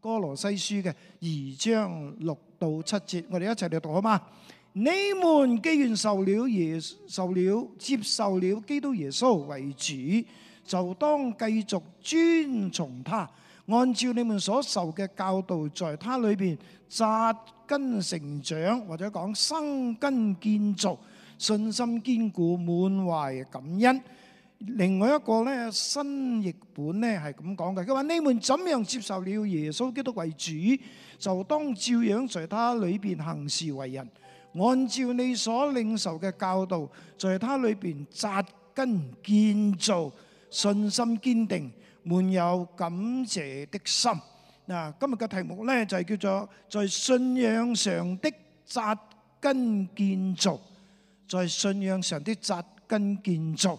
《哥羅西書》嘅二章六到七節，我哋一齊嚟讀啊嘛！你們既然受了耶受了接受了基督耶穌為主，就當繼續遵從他，按照你們所受嘅教導，在他裏邊紮根成長，或者講生根建造，信心堅固，滿懷感恩。另外一個咧，新譯本咧係咁講嘅。佢話：你們怎樣接受了耶穌基督為主，就當照樣在祂裏邊行事為人，按照你所領受嘅教導，在祂裏邊扎根建造，信心堅定，滿有感謝的心。嗱，今日嘅題目咧就係叫做在信仰上的扎根建造，在信仰上的扎根建造。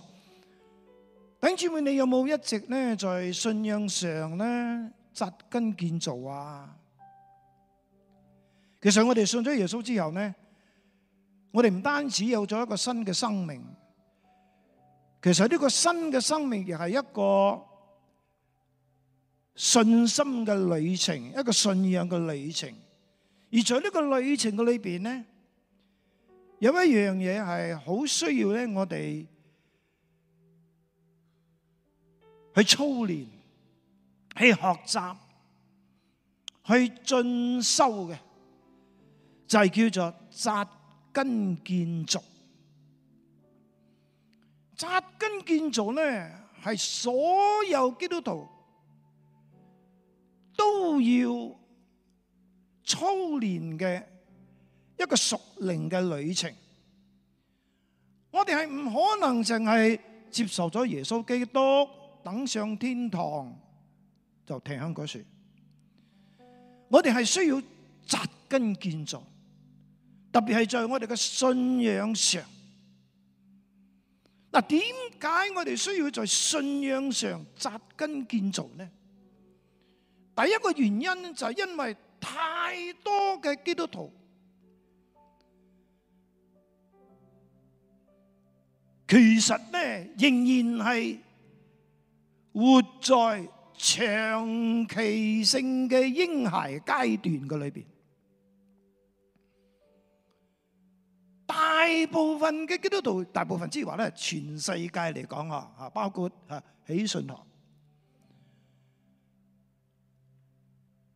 弟兄姊妹，你有冇一直咧在信仰上咧紮根建造啊？其實我哋信咗耶穌之後咧，我哋唔單止有咗一個新嘅生命，其實呢個新嘅生命亦係一個信心嘅旅程，一個信仰嘅旅程。而在呢個旅程嘅裏邊咧，有一樣嘢係好需要咧，我哋。去操練，去學習，去進修嘅，就係叫做紮根建造。紮根建造咧，係所有基督徒都要操練嘅一個屬靈嘅旅程。我哋係唔可能淨係接受咗耶穌基督。等上天堂就停響嗰時，我哋係需要紮根建造，特別係在我哋嘅信仰上。嗱，點解我哋需要在信仰上紮根建造呢？第一個原因就係因為太多嘅基督徒，其實咧，仍然係。活在長期性嘅嬰孩階段嘅裏邊，大部分嘅基督徒，大部分之話咧，全世界嚟講啊，啊包括啊喜信堂，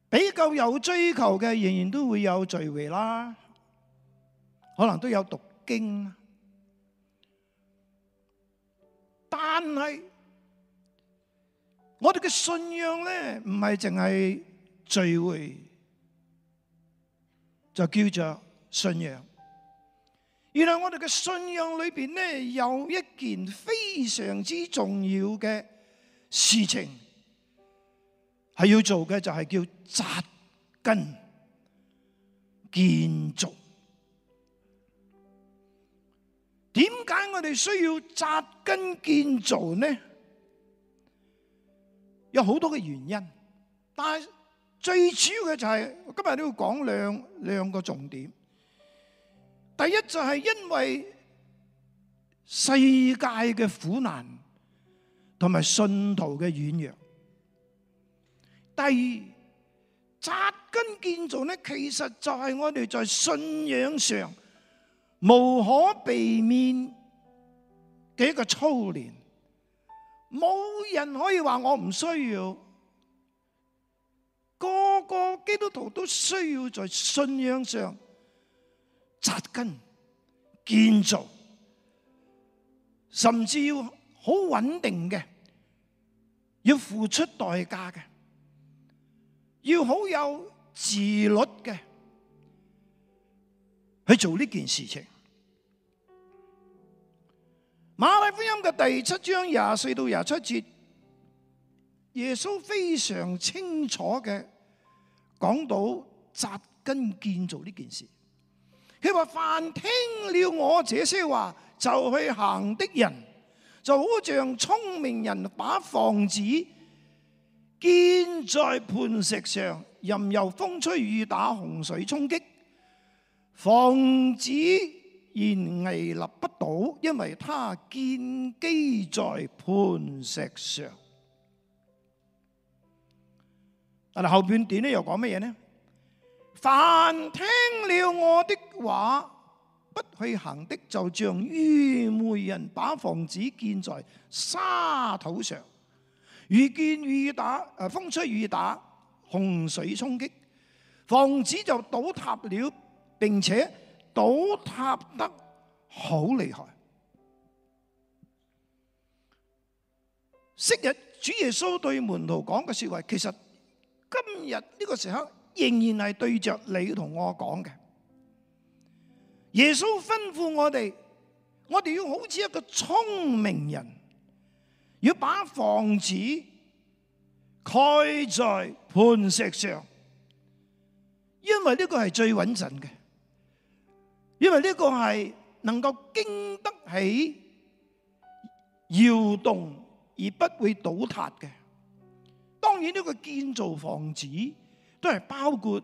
比較有追求嘅，仍然都會有聚會啦，可能都有讀經，但係。我哋嘅信仰咧，唔係淨係聚會，就叫做信仰。原來我哋嘅信仰裏邊咧，有一件非常之重要嘅事情係要做嘅，就係叫紮根建造。點解我哋需要紮根建造呢？有好多嘅原因，但係最主要嘅就係、是、今日都要講兩兩個重點。第一就係因為世界嘅苦難同埋信徒嘅軟弱。第二紮根建造咧，其實就係我哋在信仰上無可避免嘅一個操練。冇人可以話我唔需要，個個基督徒都需要在信仰上扎根、建造，甚至要好穩定嘅，要付出代價嘅，要好有自律嘅去做呢件事情。馬太福音嘅第七章廿四到廿七節，耶穌非常清楚嘅講到扎根建造呢件事。佢話，凡聽了我這些話就去行的人，就好像聰明人把房子建在磐石上，任由風吹雨打、洪水沖擊，房子然屹立不倒，因為他建基在磐石上。但係後邊點呢？又講乜嘢呢？凡聽了我的話不去行的，就像愚昧人把房子建在沙土上，遇見雨打，誒，風吹雨打，洪水衝擊，房子就倒塌了，並且倒塌得。好厲害！昔日主耶穌對門徒講嘅說話，其實今日呢個時候仍然係對着你同我講嘅。耶穌吩咐我哋，我哋要好似一個聰明人，要把房子蓋在磐石上，因為呢個係最穩陣嘅，因為呢個係。能夠經得起搖動而不會倒塌嘅，當然呢個建造房子都係包括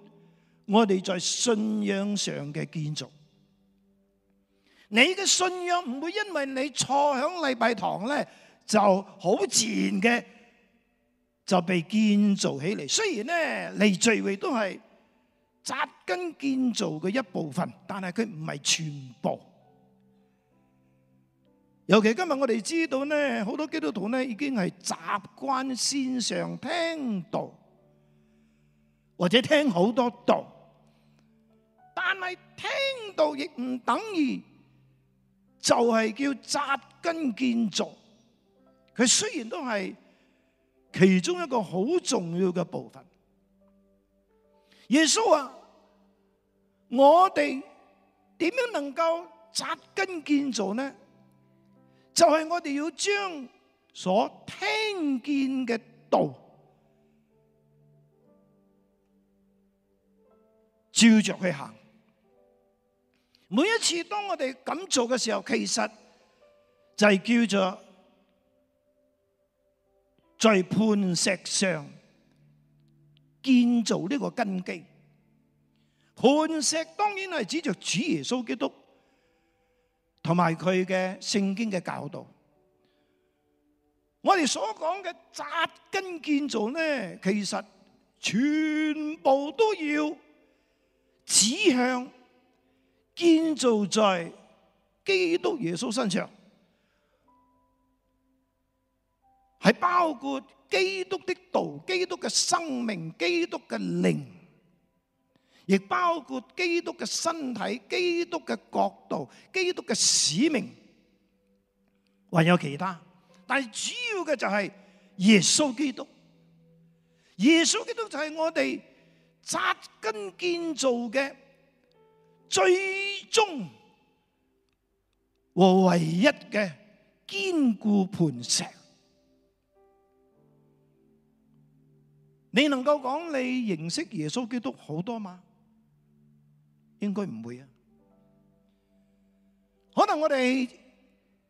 我哋在信仰上嘅建造。你嘅信仰唔會因為你坐響禮拜堂咧就好自然嘅就被建造起嚟。雖然咧嚟聚會都係紮根建造嘅一部分，但係佢唔係全部。尤其今日我哋知道咧，好多基督徒咧已經係習慣線上聽道，或者聽好多道，但係聽道亦唔等於就係叫扎根建造。佢雖然都係其中一個好重要嘅部分。耶穌話，我哋點樣能夠扎根建造呢？就係我哋要將所聽見嘅道照着去行。每一次當我哋咁做嘅時候，其實就係叫做在磐石上建造呢個根基。磐石當然係指着主耶穌基督。同埋佢嘅聖經嘅教導，我哋所講嘅扎根建造呢，其實全部都要指向建造在基督耶穌身上，係包括基督的道、基督嘅生命、基督嘅靈。亦包括基督嘅身體、基督嘅角度、基督嘅使命，還有其他。但係主要嘅就係耶穌基督。耶穌基督就係我哋紮根建造嘅最終和唯一嘅堅固磐石。你能夠講你認識耶穌基督好多嗎？應該唔會啊！可能我哋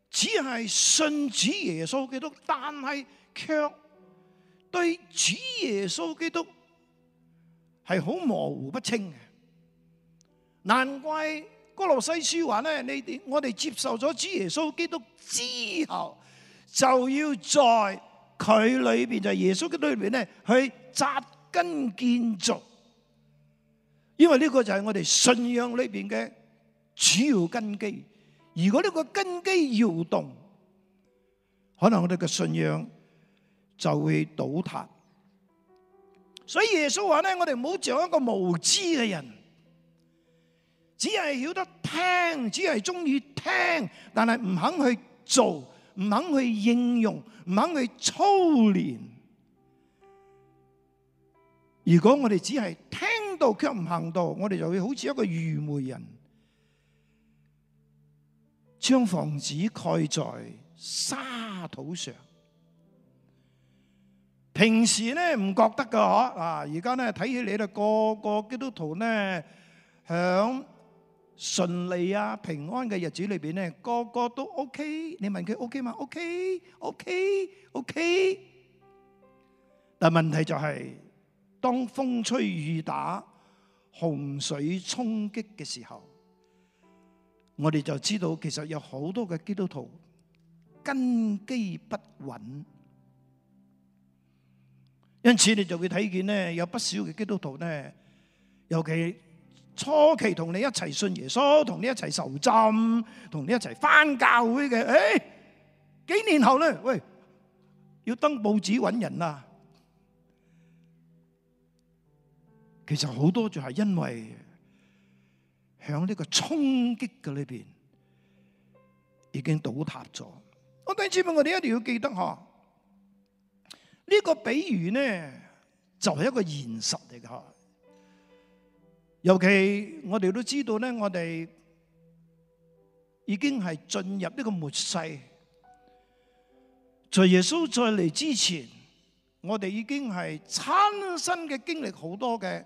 只係信主耶穌基督，但係卻對主耶穌基督係好模糊不清嘅。難怪哥羅西書話咧，你我哋接受咗主耶穌基督之後，就要在佢裏邊就係，耶穌基督裏邊咧去紮根建造。因為呢個就係我哋信仰裏邊嘅主要根基，如果呢個根基搖動，可能我哋嘅信仰就會倒塌。所以耶穌話咧：我哋唔好做一個無知嘅人，只係曉得聽，只係中意聽，但係唔肯去做，唔肯去應用，唔肯去操練。如果我哋只係聽到卻唔行道，我哋就會好似一個愚昧人，將房子蓋在沙土上。平時咧唔覺得噶呵，啊！而家咧睇起嚟咧，個個基督徒咧，響順利啊、平安嘅日子裏邊咧，個個都 OK。你問佢 OK 嘛？OK，OK，OK。但問題就係。當風吹雨打、洪水衝擊嘅時候，我哋就知道其實有好多嘅基督徒根基不穩，因此你就會睇見呢，有不少嘅基督徒呢，尤其初期同你一齊信耶穌、同你一齊受浸、同你一齊返教會嘅，誒，幾年後咧，喂，要登報紙搵人啦。其實好多就係因為響呢個衝擊嘅裏邊已經倒塌咗。我第一次問？我哋一定要記得哈，呢個比喻呢就係一個現實嚟嘅。尤其我哋都知道咧，我哋已經係進入呢個末世，在耶穌再嚟之前，我哋已經係親身嘅經歷好多嘅。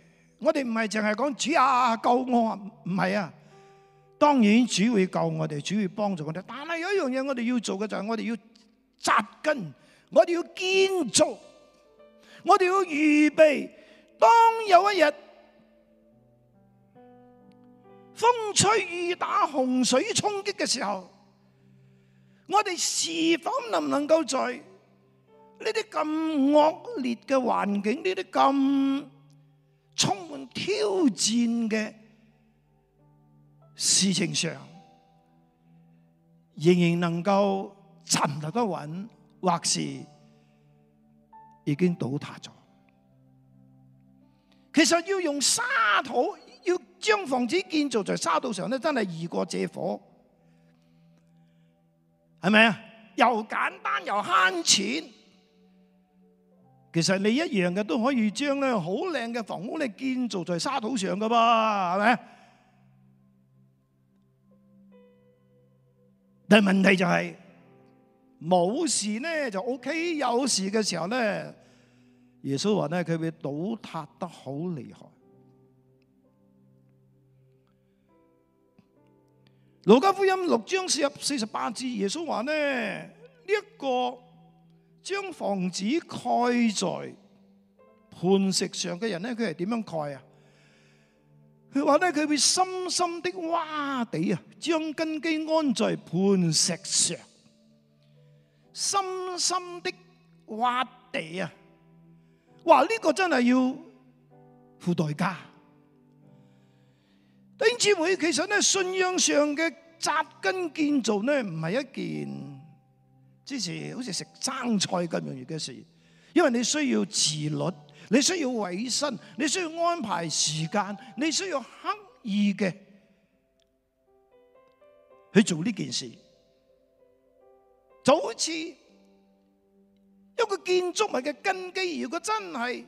我哋唔係淨係講主啊救我，唔係啊。當然主會救我哋，主會幫助我哋。但係有一樣嘢，我哋要做嘅就係我哋要紮根，我哋要建造，我哋要預備。當有一日風吹雨打，洪水衝擊嘅時候，我哋是否能唔能夠在呢啲咁惡劣嘅環境，呢啲咁沖？挑戰嘅事情上，仍然能夠站立得穩，或是已經倒塌咗。其實要用沙土，要將房子建造在沙土上咧，真係易過借火，係咪啊？又簡單又慳錢。其實你一樣嘅都可以將咧好靚嘅房屋咧建造在沙土上噶噃，係咪？但係問題就係冇事呢，就 O K，有事嘅、OK, 時候咧，耶穌話咧佢會倒塌得好厲害。路加福音六章四十四十八節，耶穌話咧呢一個。將房子蓋在磐石上嘅人咧，佢係點樣蓋啊？佢話咧，佢會深深的挖地啊，將根基安在磐石上，深深的挖地啊！話呢個真係要付代價。丁志偉其實咧，信仰上嘅扎根建造咧，唔係一件，之事好似食生菜咁容易嘅事，因為你需要自律，你需要委身，你需要安排時間，你需要刻意嘅去做呢件事，就好似一個建築物嘅根基，如果真係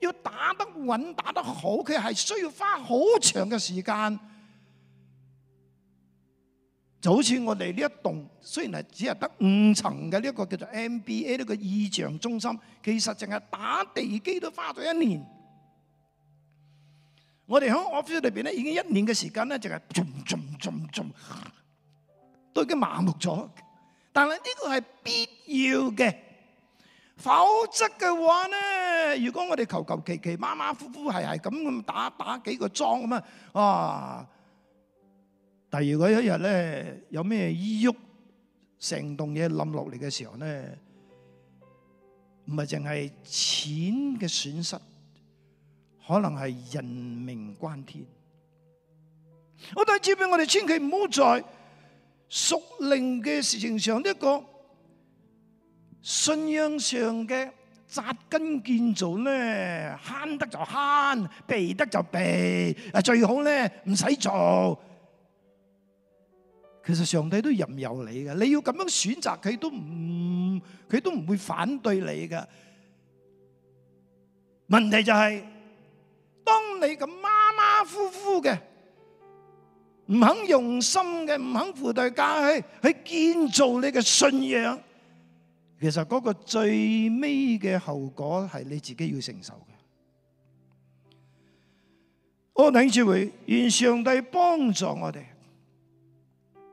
要打得穩打得好，佢係需要花好長嘅時間。就好似我哋呢一棟雖然係只係得五層嘅呢一個叫做 MBA 呢個意象中心，其實淨係打地基都花咗一年。我哋喺 office 裏邊咧，已經一年嘅時間咧，淨係做做做做，都已經麻木咗。但係呢個係必要嘅，否則嘅話咧，如果我哋求求其其、馬馬虎虎，係係咁咁打打幾個樁咁啊，啊！但如果一日咧有咩依郁成棟嘢冧落嚟嘅時候咧，唔係淨係錢嘅損失，可能係人命關天。我第二次俾我哋千祈唔好在屬靈嘅事情上一、這個信仰上嘅扎根建造咧，慳得就慳，避得就避，啊最好咧唔使做。其實上帝都任由你嘅，你要咁樣選擇，佢都唔，佢都唔會反對你嘅。問題就係，當你咁馬馬虎虎嘅，唔肯用心嘅，唔肯付代價去去建造你嘅信仰，其實嗰個最尾嘅後果係你自己要承受嘅。阿領主會，願上帝幫助我哋。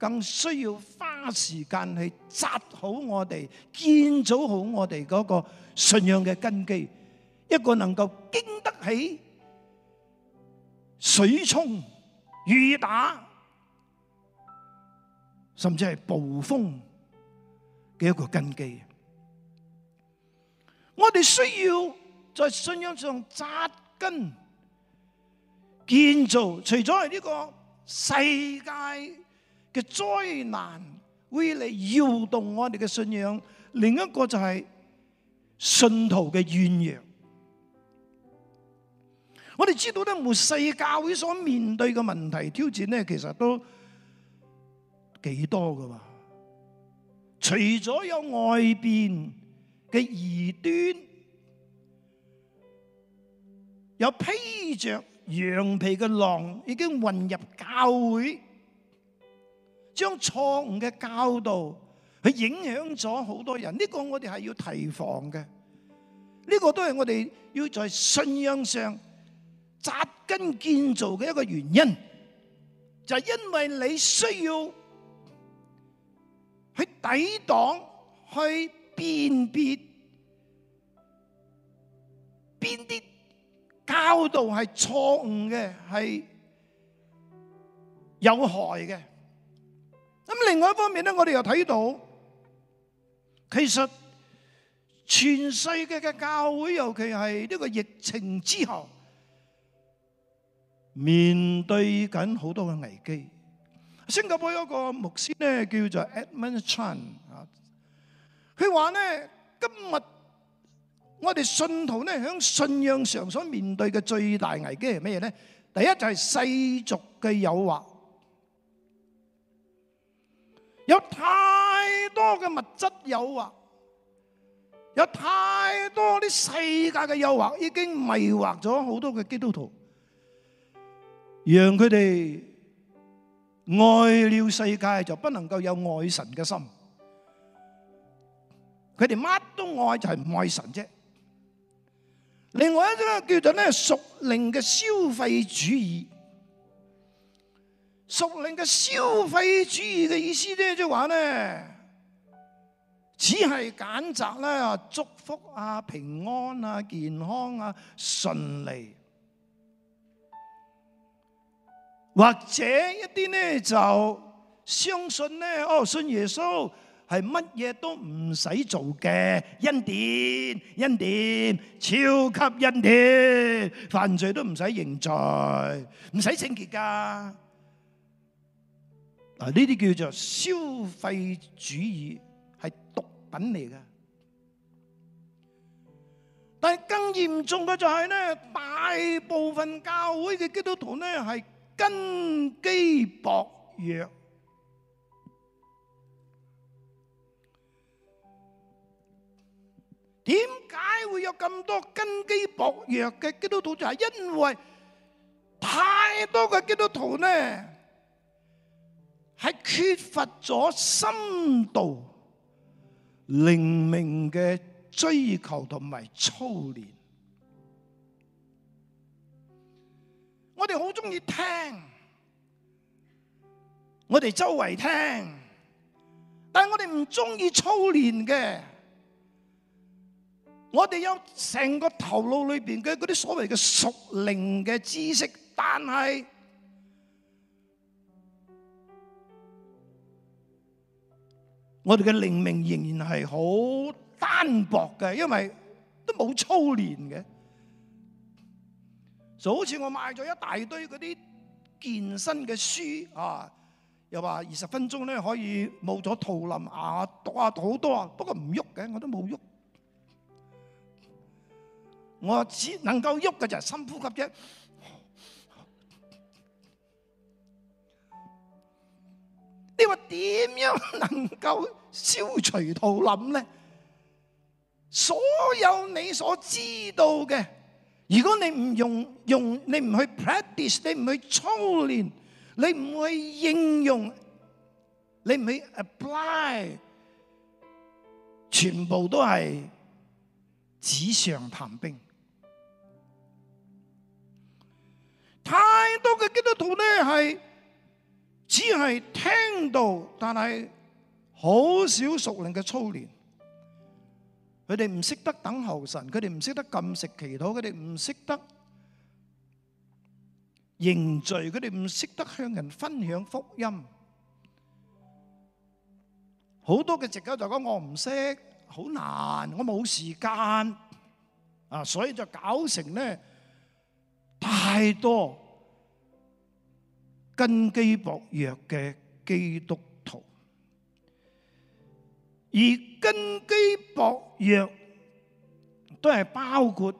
更需要花時間去扎好我哋，建造好我哋嗰個信仰嘅根基，一個能夠經得起水沖、雨打，甚至係暴風嘅一個根基。我哋需要在信仰上扎根，建造。除咗係呢個世界。嘅災難會嚟搖動我哋嘅信仰，另一個就係信徒嘅怨言。我哋知道咧，末世教會所面對嘅問題挑戰咧，其實都幾多㗎喎。除咗有外邊嘅異端，有披著羊皮嘅狼已經混入教會。將錯誤嘅教導去影響咗好多人，呢個我哋係要提防嘅。呢個都係我哋要在信仰上扎根建造嘅一個原因，就係因為你需要去抵擋、去辨別邊啲教導係錯誤嘅，係有害嘅。咁另外一方面咧，我哋又睇到，其實全世界嘅教會，尤其係呢個疫情之後，面對緊好多嘅危機。新加坡有一個牧師咧，叫做 Edmund Chan 啊，佢話咧，今日我哋信徒咧喺信仰上所面對嘅最大危機係咩嘢咧？第一就係世俗嘅誘惑。有太多嘅物質誘惑，有太多啲世界嘅誘惑，已經迷惑咗好多嘅基督徒，讓佢哋愛了世界就不能夠有愛神嘅心。佢哋乜都愛就係唔愛神啫。另外一種叫做咧屬靈嘅消費主義。屬靈嘅消費主義嘅意思咧，即係話咧，只係揀擇咧，祝福啊、平安啊、健康啊、順利，或者一啲呢，就相信呢。哦，信耶穌係乜嘢都唔使做嘅恩典，恩典，超級恩典，犯罪都唔使認罪，唔使聖潔㗎。嗱，呢啲叫做消費主義，係毒品嚟嘅。但係更嚴重嘅就係咧，大部分教會嘅基督徒咧係根基薄弱。點解會有咁多根基薄弱嘅基督徒？就係因為太多嘅基督徒咧。係缺乏咗深度、靈命嘅追求同埋操練。我哋好中意聽，我哋周圍聽，但係我哋唔中意操練嘅。我哋有成個頭腦裏邊嘅嗰啲所謂嘅屬靈嘅知識，但係。我哋嘅靈命仍然係好單薄嘅，因為都冇操練嘅，就好似我買咗一大堆嗰啲健身嘅書啊，又話二十分鐘咧可以冇咗肚腩，啊，讀啊好多，不過唔喐嘅，我都冇喐，我只能夠喐嘅就係深呼吸啫。你話點樣能夠消除土林咧？所有你所知道嘅，如果你唔用用，你唔去 practice，你唔去操練，你唔去應用，你唔去 apply，全部都係紙上談兵。太多嘅基督徒咧係。只係聽到，但係好少熟練嘅操練。佢哋唔識得等候神，佢哋唔識得禁食祈禱，佢哋唔識得凝聚，佢哋唔識得向人分享福音。好多嘅藉口就講我唔識，好難，我冇時間啊，所以就搞成咧太多，根基薄弱嘅基督徒，而根基薄弱都係包括，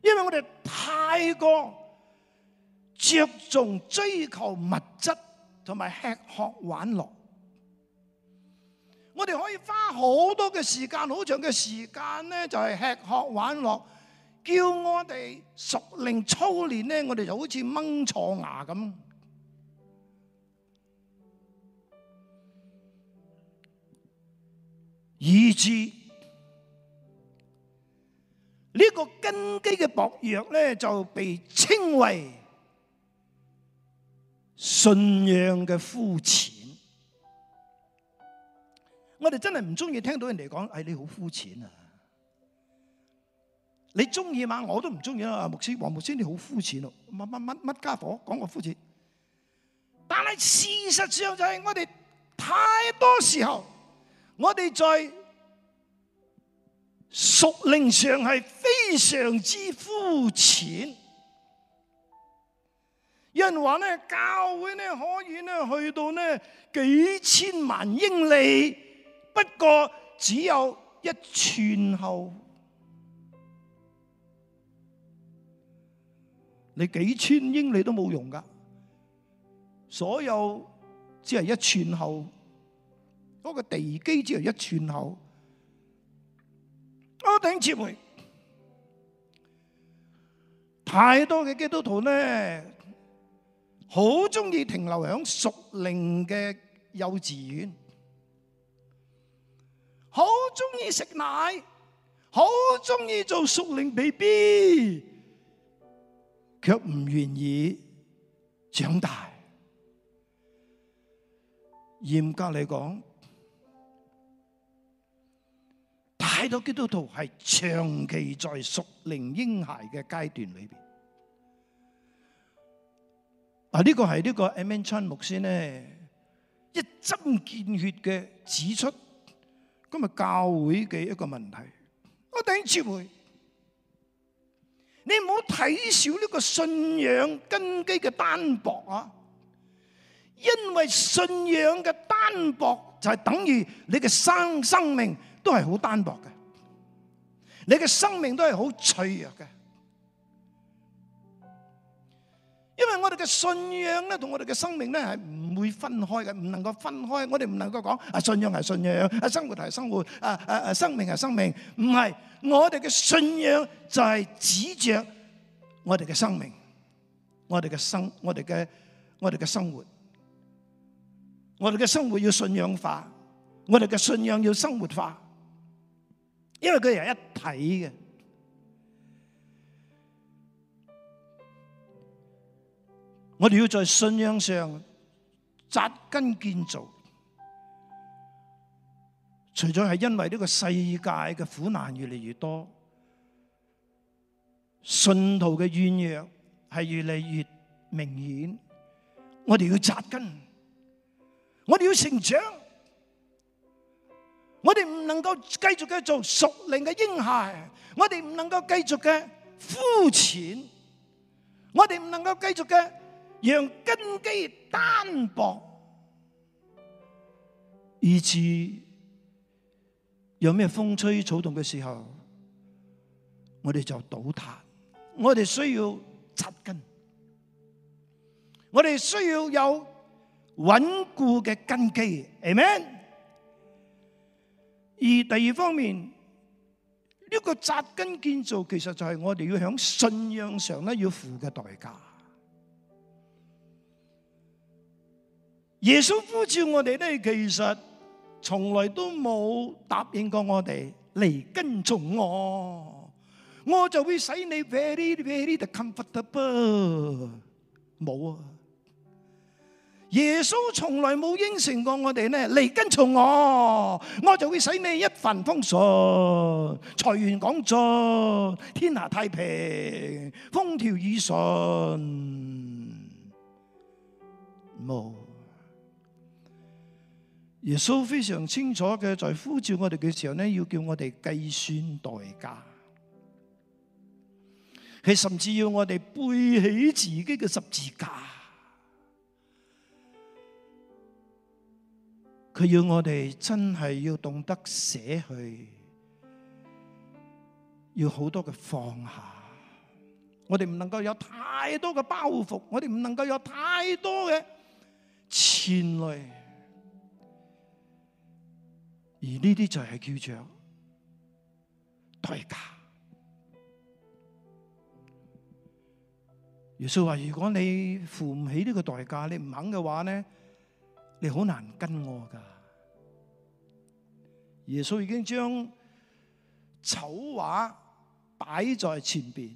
因為我哋太過着重追求物質同埋吃喝玩樂，我哋可以花好多嘅時間，好長嘅時間咧，就係吃喝玩樂。要我哋熟練操練咧，我哋就好似掹錯牙咁，以至呢個根基嘅薄弱咧，就被稱為信仰嘅膚淺。我哋真係唔中意聽到人哋講，哎，你好膚淺啊！你中意嘛？我都唔中意啦！牧師，黃牧師你好膚淺咯，乜乜乜乜傢伙，講我膚淺。但係事實上就係我哋太多時候，我哋在屬靈上係非常之膚淺。有人話咧，教會咧可以咧去到呢幾千萬英里，不過只有一寸厚。你幾千英里都冇用噶，所有只係一寸厚，嗰個地基只係一寸厚，多頂設備。太多嘅基督徒咧，好中意停留喺屬靈嘅幼稚園，好中意食奶，好中意做屬靈 BB。卻唔願意長大。嚴格嚟講，太多基督徒係長期在熟齡嬰孩嘅階段裏邊。嗱，呢個係呢個阿 min 親牧師呢，一針見血嘅指出今日教會嘅一個問題。我頂住佢。你唔好睇少呢個信仰根基嘅單薄啊，因為信仰嘅單薄就係等於你嘅生生命都係好單薄嘅，你嘅生命都係好脆弱嘅。因為我哋嘅信仰咧，同我哋嘅生命咧，係唔會分開嘅，唔能夠分開。我哋唔能夠講啊，信仰係信仰，啊生活係生活，啊啊啊生命係生命，唔係，我哋嘅信仰就係指著我哋嘅生命，我哋嘅生，我哋嘅我哋嘅生活，我哋嘅生活要信仰化，我哋嘅信仰要生活化，因為佢係一體嘅。我哋要在信仰上扎根建造，除咗係因為呢個世界嘅苦難越嚟越多，信徒嘅軟弱係越嚟越明顯，我哋要扎根，我哋要成長，我哋唔能夠繼續嘅做屬靈嘅嬰孩，我哋唔能夠繼續嘅膚淺，我哋唔能夠繼續嘅。讓根基單薄，以致有咩風吹草動嘅時候，我哋就倒塌。我哋需要紮根，我哋需要有穩固嘅根基。阿們，而第二方面，呢個扎根建造，其實就係我哋要喺信仰上咧要付嘅代價。耶穌呼召我哋咧，其實從來都冇答應過我哋嚟跟從我我就會使你 very very 的 comfortable 冇啊耶穌從來冇應承過我哋咧嚟跟從我我就會使你一帆風順財源廣進天下太平風調雨順冇耶穌非常清楚嘅，在呼召我哋嘅時候咧，要叫我哋計算代價。佢甚至要我哋背起自己嘅十字架。佢要我哋真係要懂得捨去，要好多嘅放下。我哋唔能夠有太多嘅包袱，我哋唔能夠有太多嘅纏累。而呢啲就係叫做代價。耶穌話：如果你付唔起呢個代價，你唔肯嘅話咧，你好難跟我噶。耶穌已經將醜話擺在前邊，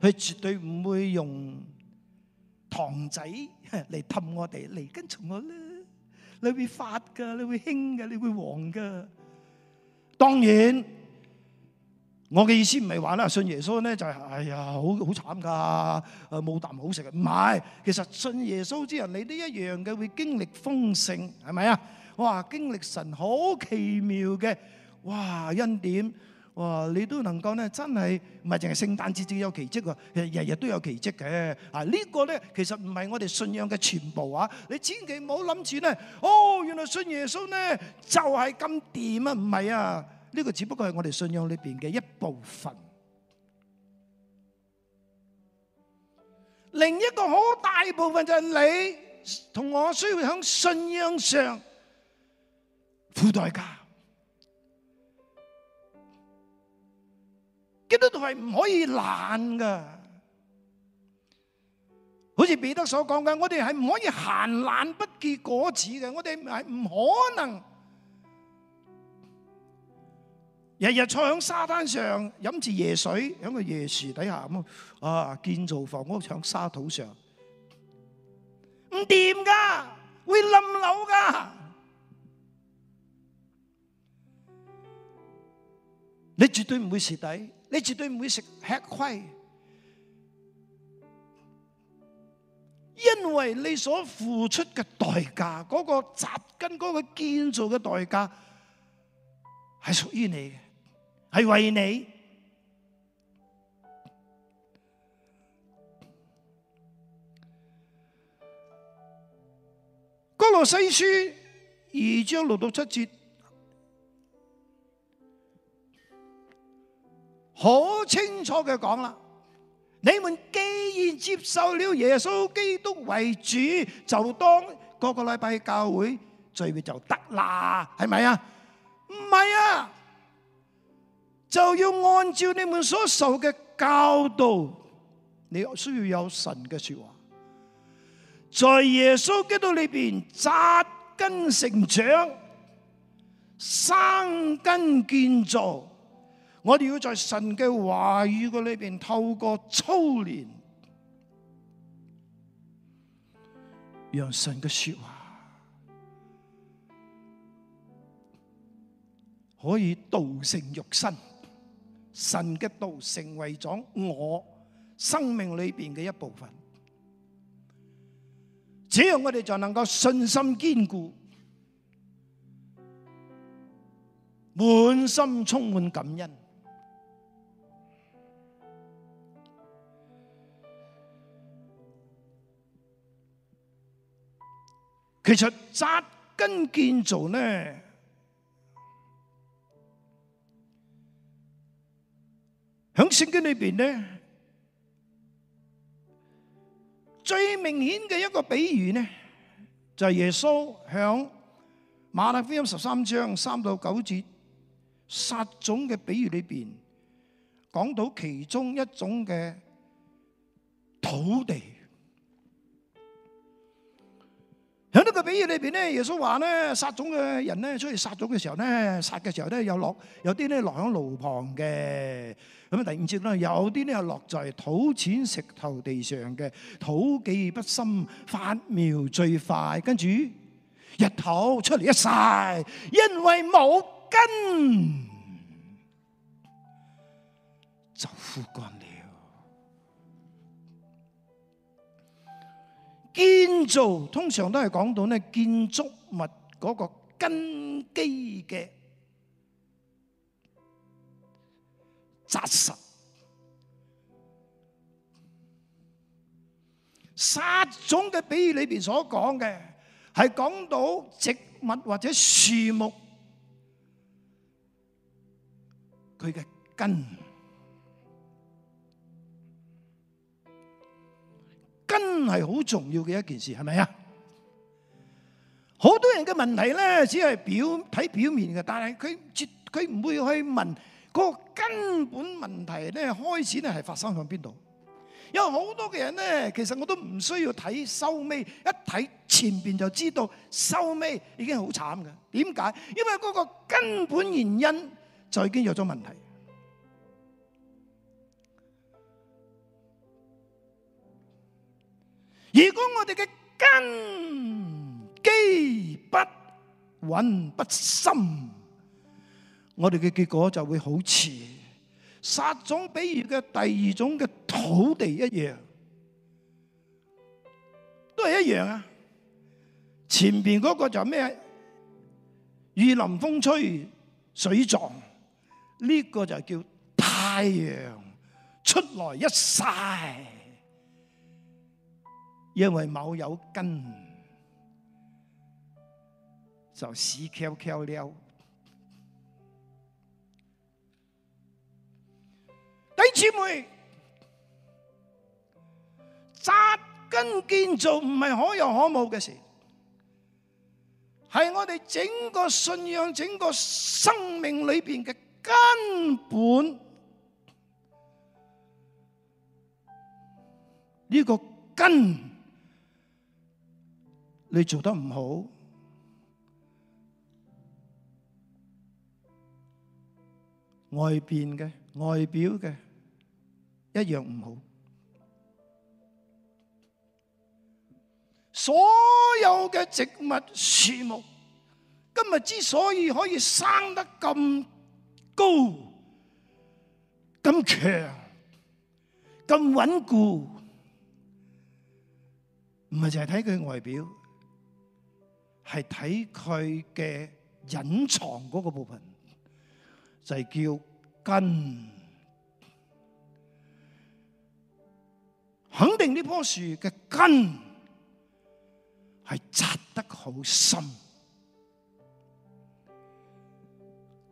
佢絕對唔會用糖仔嚟氹我哋嚟跟從我啦。你會發噶，你會興噶，你會旺噶。當然，我嘅意思唔係話啦，信耶穌咧就係，哎呀，好好慘噶，誒冇啖好食啊。唔係，其實信耶穌之人，你都一樣嘅，會經歷豐盛，係咪啊？哇，經歷神好奇妙嘅，哇，恩典。哇！你都能夠咧，真係唔係淨係聖誕節至有奇蹟啊，其實日日都有奇蹟嘅啊！呢個咧其實唔係我哋信仰嘅全部啊，你千祈唔好諗住咧，哦，原來信耶穌咧就係咁掂啊，唔係啊，呢個只不過係我哋信仰裏邊嘅一部分。另一個好大部分就係你同我需要響信仰上付代價。基督徒係唔可以懶噶好似彼得所講嘅，我哋係唔可以閒懶不結果子嘅，我哋係唔可能日日坐響沙灘上飲住椰水，響個椰樹底下咁啊，建造房屋響沙土上，唔掂噶會冧樓噶你絕對唔會蝕底，你絕對唔會食吃虧，因為你所付出嘅代價，嗰個扎根、嗰個建造嘅代價，係屬於你嘅，係為你。歌羅西書二章六到七節。好清楚嘅講啦，你們既然接受了耶穌基督為主，就當個個禮拜去教會聚會就得啦，係咪啊？唔係啊，就要按照你們所受嘅教導，你需要有神嘅說話，在耶穌基督裏面扎根成長、生根建造。我哋要在神嘅話語嘅裏邊透過操練，讓神嘅說話可以道成肉身，神嘅道成為咗我生命裏邊嘅一部分。只要我哋就能夠信心堅固，滿心充滿感恩。其實扎根建造咧，喺聖經裏邊咧，最明顯嘅一個比喻咧，就係耶穌響馬太福音十三章三到九節撒種嘅比喻裏邊，講到其中一種嘅土地。喺呢個比喻裏邊咧，耶穌話咧，撒種嘅人咧，出去撒種嘅時候咧，撒嘅時候咧，有落，有啲咧落喺路旁嘅，咁啊第五節咧，有啲咧又落在土淺石頭地上嘅，土既不深，發苗最快，跟住日頭出嚟一曬，因為冇根，就枯乾了。建造通常都係講到呢，建築物嗰個根基嘅扎實。栽種嘅比喻裏邊所講嘅係講到植物或者樹木佢嘅根。真係好重要嘅一件事，係咪啊？好多人嘅問題呢，只係表睇表面嘅，但係佢絕佢唔會去問嗰個根本問題呢，開始呢係發生喺邊度？有好多嘅人呢，其實我都唔需要睇收尾，一睇前邊就知道收尾已經好慘嘅。點解？因為嗰個根本原因就已經有咗問題。如果我哋嘅根基不穩不深，我哋嘅結果就會好似撒種比喻嘅第二種嘅土地一樣，都係一樣啊！前邊嗰個就係咩？雨淋風吹水撞，呢、這個就叫太陽出來一晒」。因為冇有根，就死翹翹了。弟姊妹，扎根建造唔係可有可冇嘅事，係我哋整個信仰、整個生命裏面嘅根本。呢個根。你做得唔好，外邊嘅外表嘅一樣唔好。所有嘅植物樹木，今日之所以可以生得咁高、咁強、咁穩固，唔係淨係睇佢外表。係睇佢嘅隱藏嗰個部分，就係叫根。肯定呢樖樹嘅根係扎得好深。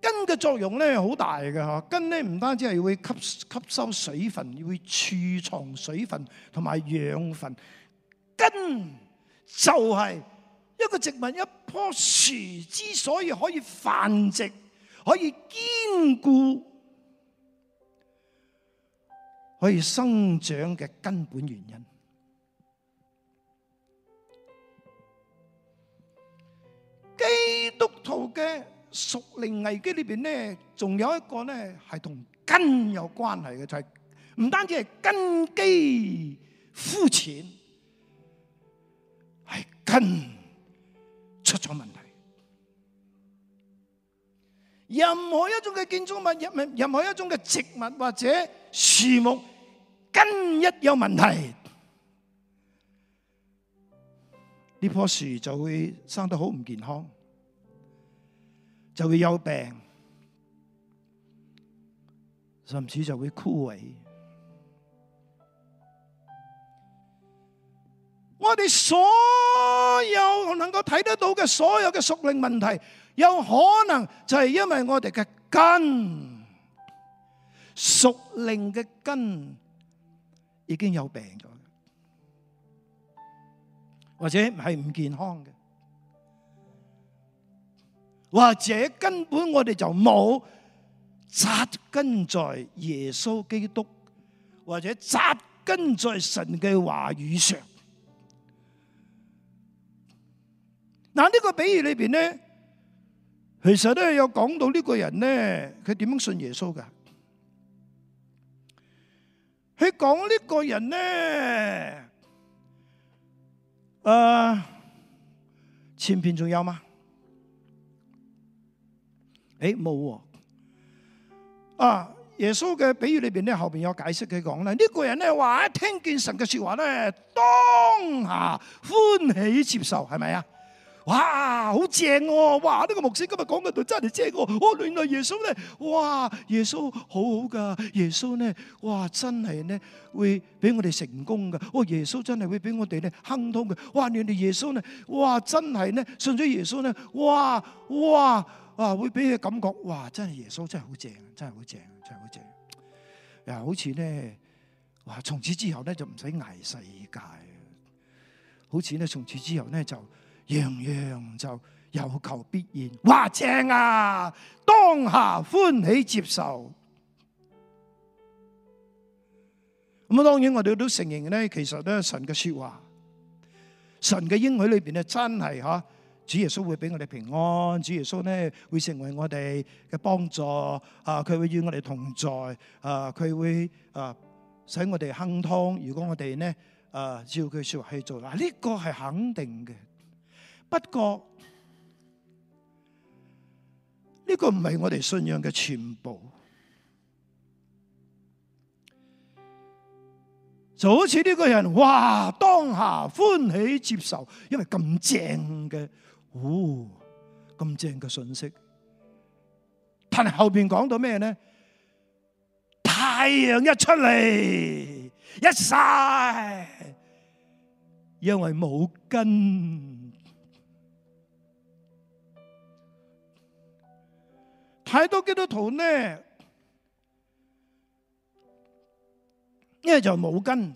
根嘅作用咧好大嘅嗬，根咧唔單止係會吸吸收水分，會儲藏水分同埋養分。根就係。一個植物，一棵樹之所以可以繁殖，可以堅固，可以生長嘅根本原因，基督徒嘅屬靈危機裏邊呢，仲有一個呢係同根有關係嘅，就係唔單止係根基膚淺，係根。出咗問題，任何一種嘅建築物、任任何一種嘅植物或者樹木根，一有問題，呢棵樹就會生得好唔健康，就會有病，甚至就會枯萎。我哋所有能夠睇得到嘅所有嘅屬靈問題，有可能就係因為我哋嘅根，屬靈嘅根已經有病咗，或者係唔健康嘅，或者根本我哋就冇扎根在耶穌基督，或者扎根在神嘅話語上。嗱，呢個比喻裏邊咧，其實咧有講到呢個人咧，佢點樣信耶穌㗎？佢講呢個人咧，誒，前邊仲有嗎？誒，冇喎。啊，耶穌嘅比喻裏邊咧，後邊有解釋佢講啦。呢個人咧話，一聽見神嘅說話咧，當下歡喜接受，係咪啊？哇，好正哦！哇，呢個牧師今日講嘅對真係正我，哦。哦，原來耶穌咧，哇，耶穌好好噶。耶穌咧，哇，真係咧會俾我哋成功噶。哇，耶穌真係會俾我哋咧亨通嘅。哇，原來耶穌咧，哇，真係咧信咗耶穌咧，哇，哇，哇，會俾嘅感覺，哇，真係耶穌真係好正，真係好正，真係好正。呀，好似咧，哇，從此之後咧就唔使捱世界。好似咧，從此之後咧就。樣樣就有求必應，哇正啊！當下歡喜接受。咁啊，當然我哋都承認咧，其實咧神嘅說話，神嘅應許裏邊咧真係吓，主耶穌會俾我哋平安，主耶穌咧會成為我哋嘅幫助，啊，佢會與我哋同在，啊，佢會啊使我哋亨通。如果我哋咧啊照佢說話去做，嗱，呢個係肯定嘅。不過呢個唔係我哋信仰嘅全部，就好似呢個人，哇當下歡喜接受，因為咁正嘅，哦咁正嘅信息。但係後邊講到咩呢？太陽一出嚟，一曬，因為冇根。太多基督徒呢，一係就冇根，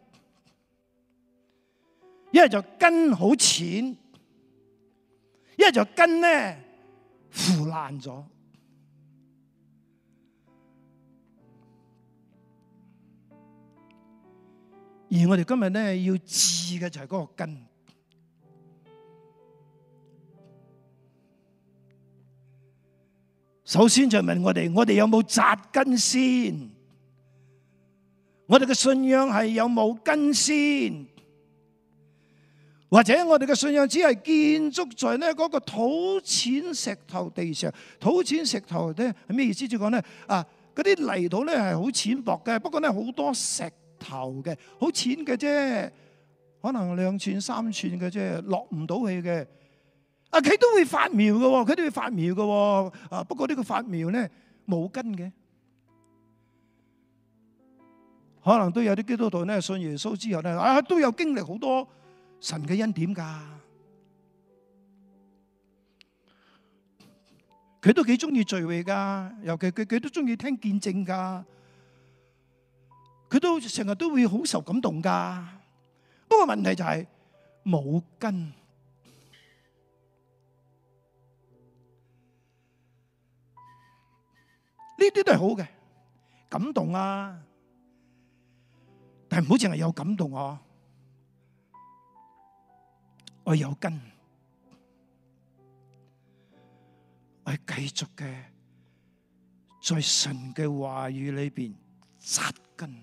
一係就根好淺，一係就根呢腐爛咗。而我哋今日呢，要治嘅就係嗰個根。首先就問我哋，我哋有冇扎根先？我哋嘅信仰係有冇根先？或者我哋嘅信仰只係建築在咧嗰個土淺石頭地上？土淺石頭咧係咩意思？就係講咧啊，嗰啲泥土咧係好淺薄嘅，不過咧好多石頭嘅，好淺嘅啫，可能兩寸三寸嘅啫，落唔到去嘅。啊！佢都會發苗嘅，佢都會發苗嘅。啊，不過呢個發苗咧冇根嘅，可能都有啲基督徒咧信耶穌之後咧啊，都有經歷好多神嘅恩典噶。佢都幾中意聚會噶，尤其佢佢都中意聽見證噶。佢都成日都會好受感動噶，不過問題就係冇根。呢啲都係好嘅，感動啊！但係唔好淨係有感動啊，我有根，我係繼續嘅，在神嘅話語裏邊紮根，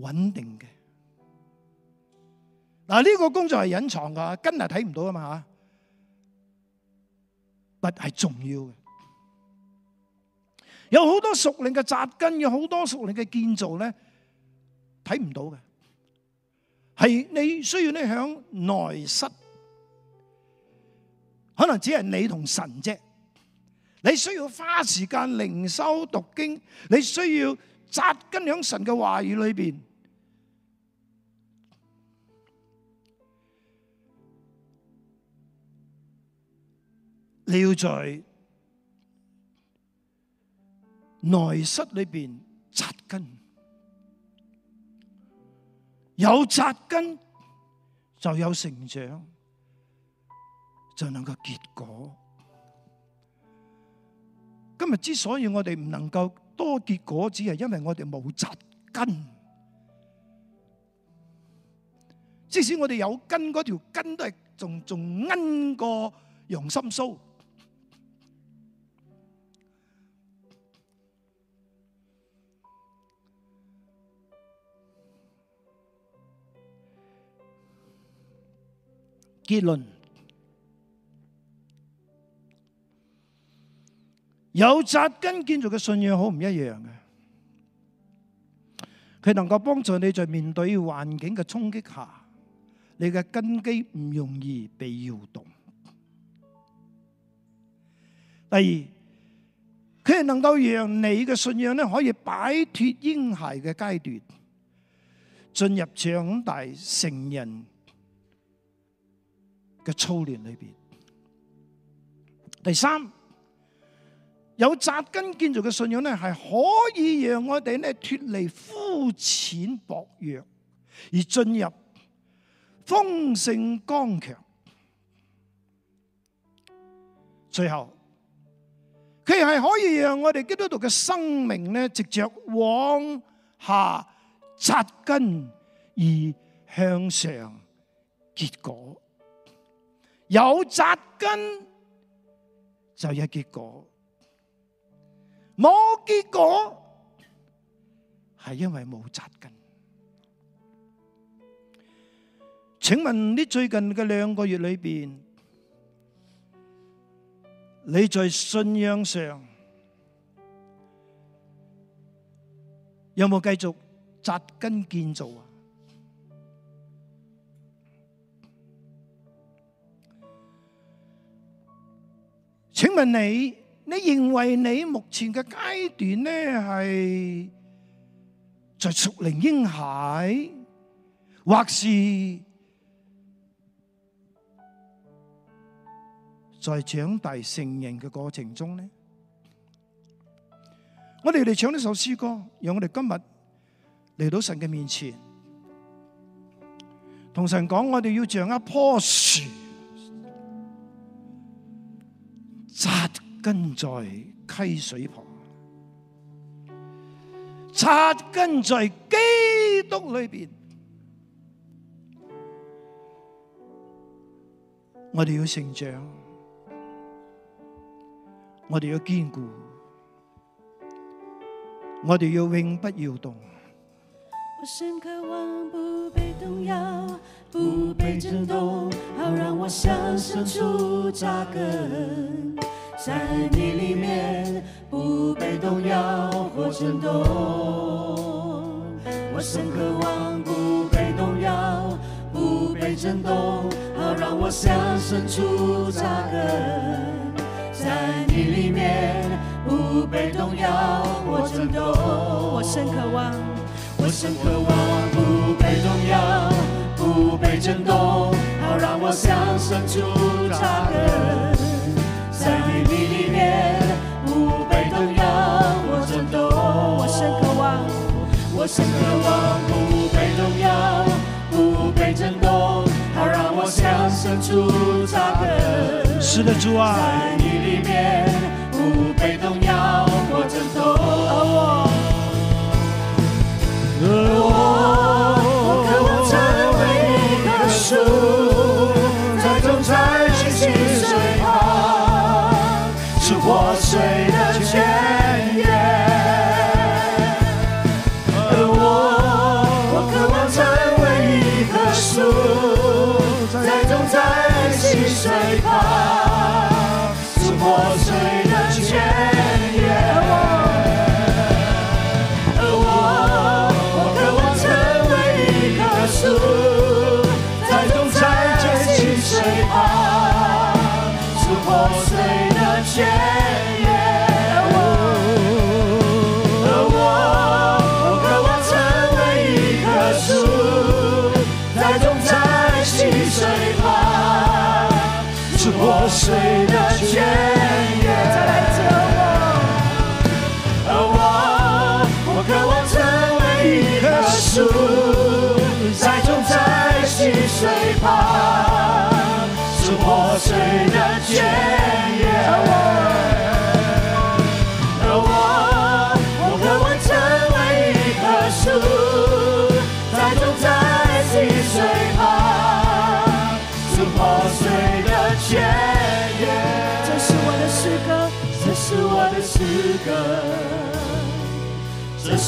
穩定嘅。嗱，呢個工作係隱藏噶，根係睇唔到噶嘛吓。不係重要嘅，有好多屬靈嘅扎根，有好多屬靈嘅建造咧，睇唔到嘅，係你需要呢響內室，可能只係你同神啫。你需要花時間靈修讀經，你需要扎根響神嘅話語裏邊。你要在內室裏邊扎根，有扎根就有成長，就能夠結果。今日之所以我哋唔能夠多結果，只係因為我哋冇扎根。即使我哋有根，嗰條根都係仲仲奀過楊心蘇。結論，有扎根建築嘅信仰好唔一樣嘅，佢能夠幫助你在面對環境嘅衝擊下，你嘅根基唔容易被搖動。第二，佢係能夠讓你嘅信仰咧可以擺脫嬰孩嘅階段，進入長大成人嘅操練裏邊，第三有扎根建造嘅信仰咧，係可以讓我哋咧脫離膚淺薄弱，而進入豐盛剛強。最後佢係可以讓我哋基督徒嘅生命咧，直着往下扎根而向上結果。有扎根就有結果，冇結果係因為冇扎根。請問你最近嘅兩個月裏邊，你在信仰上有冇繼續扎根建造啊？請問你，你認為你目前嘅階段呢？係在屬靈嬰孩，或是在長大成人嘅過程中呢？我哋嚟唱呢首詩歌，讓我哋今日嚟到神嘅面前，同神講，我哋要像一棵樹。扎根在溪水旁，扎根在基督裏邊。我哋要成長，我哋要堅固，我哋要永不搖動。我深渴望不被動搖，不被震動，好讓我向深處扎根，在你裏面不被動搖或震動。我深渴望不被動搖，不被震動，好讓我向深處扎根，在你裏面不被動搖或震動。我深渴望。我深渴望不被動搖，不被震動，好讓我向深處扎根。在你裏面不被動搖，我震動。我深渴望，我深渴望不被動搖，不被震動，好讓我向深處扎根。是的主啊。在你裏面不被動搖，我震動。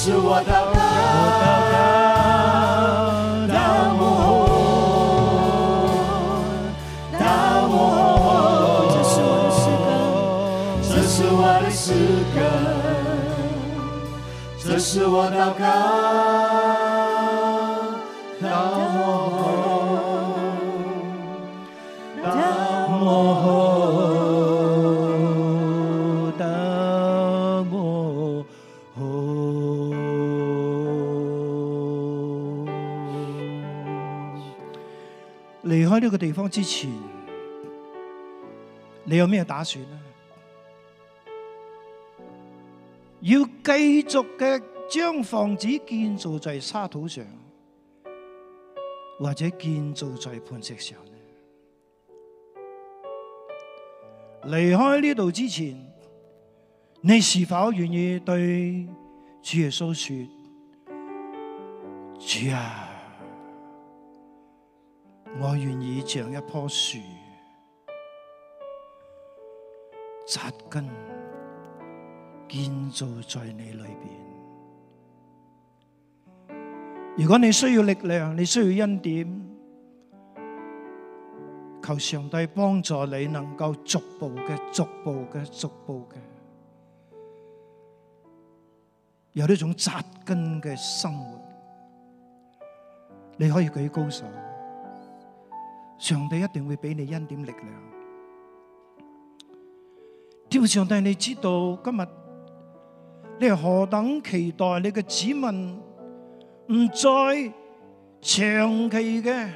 這是我的歌，這是我的詩歌，這是我的詩歌，這是我的禱告。呢個地方之前，你有咩打算呢？要繼續嘅將房子建造在沙土上，或者建造在磐石上呢？離開呢度之前，你是否願意對主耶穌說：主啊？我願意像一棵樹扎根，建造在你裏邊。如果你需要力量，你需要恩典，求上帝幫助你，能夠逐步嘅、逐步嘅、逐步嘅，有呢種扎根嘅生活，你可以舉高手。上帝一定會俾你恩典力量。天父上帝，你知道今日你何等期待你嘅子民唔再長期嘅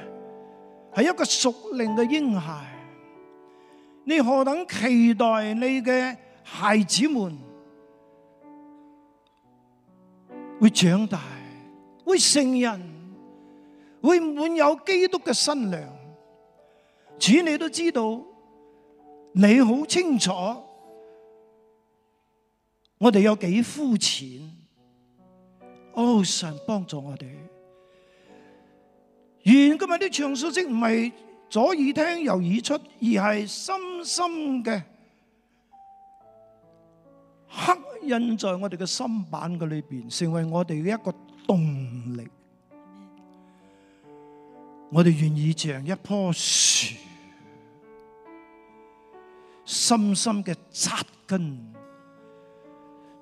係一個屬靈嘅嬰孩。你何等期待你嘅孩子們會長大，會成人，會滿有基督嘅新娘。主，你都知道，你好清楚，我哋有幾膚淺。哦，神幫助我哋。原今日啲長信息唔係左耳聽右耳出，而係深深嘅刻印在我哋嘅心板嘅裏邊，成為我哋嘅一個動力。我哋願意像一棵樹，深深嘅扎根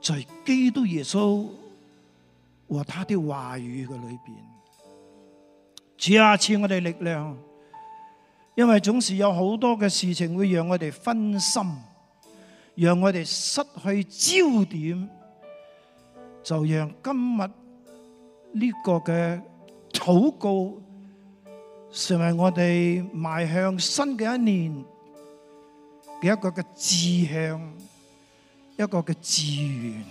在基督耶穌和他的話語嘅裏邊。次下賜我哋力量，因為總是有好多嘅事情會讓我哋分心，讓我哋失去焦點。就讓今日呢個嘅禱告。成為我哋邁向新嘅一年嘅一個嘅志向，一個嘅志願，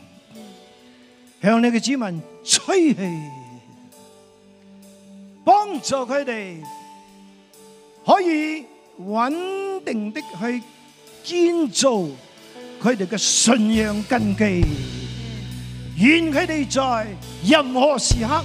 向你嘅子民吹氣，幫助佢哋可以穩定的去建造佢哋嘅信仰根基，願佢哋在任何時刻。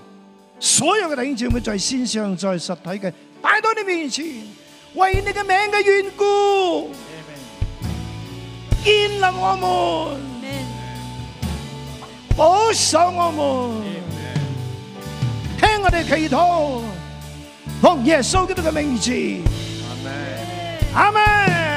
所有嘅領袖，無論在綫上在實體嘅，擺到你面前，為你嘅名嘅緣故，建立我們，保守我們，聽我哋祈禱，奉耶穌基督嘅名字，阿門。阿門。